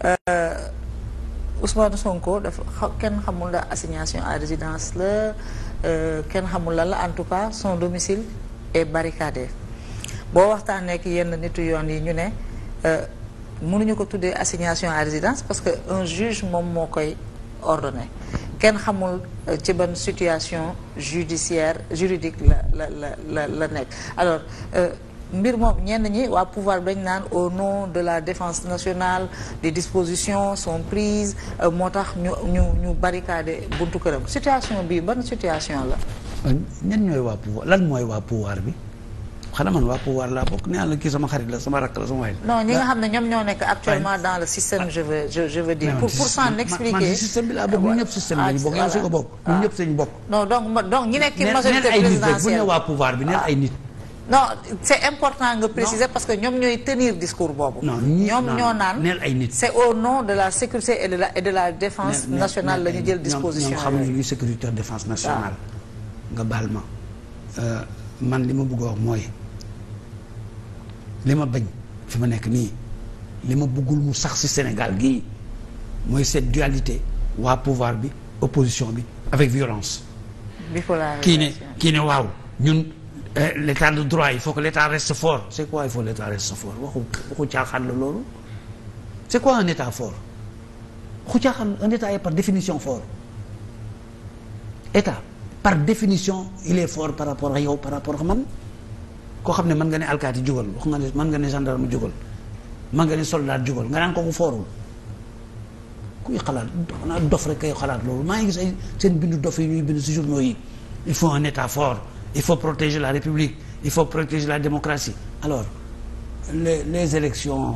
Eh, Ousmane Sonko dafa kenn xamul la assignation à résidence la eh, kenn xamul la la en tout cas son domicile est barricadé boo waxtaanee ak yenn nitu yoon yi ñu ne eh, mënuñu ko tuddee assignation à résidence parce que un juge moom moo koy ordonné kenn xamul ci ban situation judiciaire juridique la la la la nekk alors. mbir moom ñenn ñi waa pouvoir dañ naan au nom de la défense nationale des dispositions sont prises euh, moo tax ñu ñu ñu barricadé buntu këram situation bi ban situation la. Euh, ñenn ñooy waa pouvoir lan mooy waa pouvoir bi. xanaa man waa pouvoir laa bokk nee la kii sama xarit la sama rakk la sama waay la. ñi nga xam ne ñoom ñoo nekk actuellement dans le système je veux je je dire. pour pour s'en système bi laa bokk ñun ñëpp système lañu bokk yow ah, si bokk. ñun ah. ñëpp sañu bokk. non ñi nekk ci bi neen ah. ay nit. non c'est important nga préciser parce que ñoom ñooy tenir discours boobu. non ñoom ñoo naan neel ay nit. c'est au nom de la sécurité et de la et de la défense nationale la ñu jël disposition ñoom xamuñu luy sécurité nga baal ma euh, man li ma bugg wax mooy li ma bañ fi ma nekk nii li ma bëggul mu sax ci Sénégal gii mooy cette dualité waa pouvoir bi opposition bi avec violence. kii ne kii ne waaw ñun. Eh, l'état de droit yi faut que l'état reste fort c'est quoi il faut l'état reste fort waxu waxu caaxaan la loolu c'est quoi un état fort waxu caaxaan un état est par définition fort état par définition il est fort par rapport ak yow par rapport ak man koo xam ne mën nga ne alkaati jugal wax nga ne mën nga ne gendarme jugal mën nga ne soldat jugal nga naan kooku foorul kuy xalaat xanaa dof rek kay xalaat loolu maa ngi gis ay seen bindu dof yi ñuy bind si journaux il faut un état fort il faut protéger la République il faut protéger la démocratie alors les les élections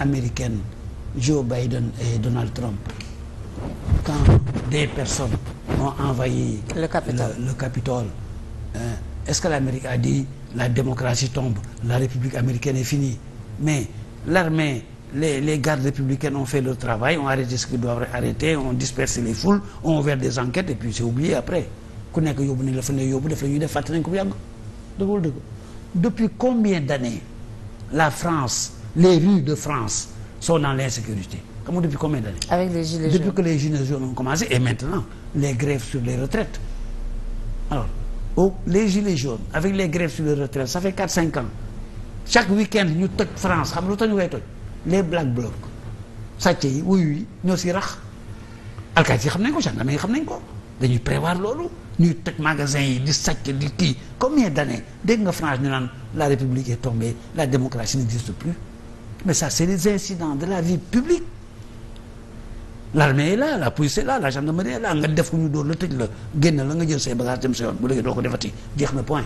américaines Joe Biden et Donald Trump quand des personnes ont envahi le Capitole le, le Capitole euh, est-ce que l'Amérique a dit la démocratie tombe la République américaine est finie mais l'armée les les gardes républicaines ont fait leur travail ont arrêté ce qu'ils doivent arrêter ont dispersé les foules ont ouvert des enquêtes et puis c'est oublié après ku nekk yóbbu nañ la fa ne yóbbu def la ñuy def fàtte nañ ko bu yàgg dëgg wala dëgg depuis combien d'années la France les rues de France sont dans l'insécurité xam nga depuis combien d'années avec les gilets jaunes depuis que les gilets jaunes ont commencé et maintenant les grèves sur les retraites alors oh les gilets jaunes avec les grèves sur les retraites ça fait quatre cinq ans chaque week ñu toj France xam nga lu tax ñu koy toj les black blocs sàcce yi wuyu yi ñoo si rax alkaati yi xam nañ ko gendarme yi xam nañ ko dañuy prévoir loolu ñuy toj magasin yi di sàcc di kii combien d'années dégg nga France ñu naan la république est tombée la démocratie n'existe plus mais ça c'est de la vie publique l'armée est là la police est là la gendarmerie est là nga def ñu dóor la tëj la génn la nga jël say bagages dem sa yoon bu léegi doo ko defati jeex na point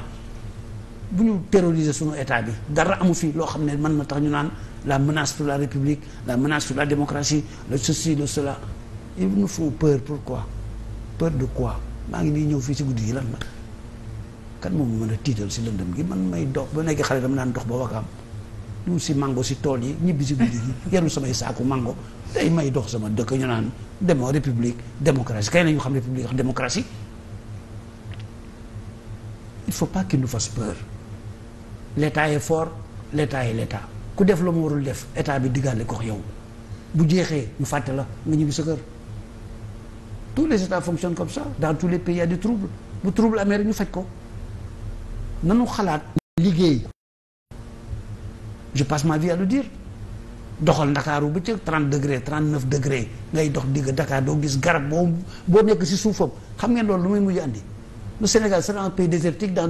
bu ñu terroriser sunu état bi dara amu fi loo xam ne mën na tax ñu naan la menace pour la république la menace pour la démocratie le ceci le cela ils peur pourquoi peur de quoi maa ngi nii ñëw fii si guddi gi lan la kan moom mën a tiital si lëndëm gi man may dox ba nekk xale dama naan dox ba wakaam du si mango si tool yi ñibbi si guddi gi yenu samay saaku mango tey may dox sama dëkk ñu naan demoo république démocratie kay nañu xam république ak démocratie il faut pas qu'il nous fasse peur l'état est fort l'état est l'état ku def la mu warul def état bi diggaale ko yow bu jeexee ñu fàtte la nga ñibbi tous les états fonctionnent comme ça dans tous les pays il y a du trouble bu trouble amee ñu faj ko nanu xalaat liggéey je passe ma vie à le dire doxal ndakaaru bu ci 30 degré 39 degré ngay dox digg Dakar doo gis garab boo boo nekk ci suufam xam ngeen loolu muy mujj andi le Sénégal sera un pays désertique dans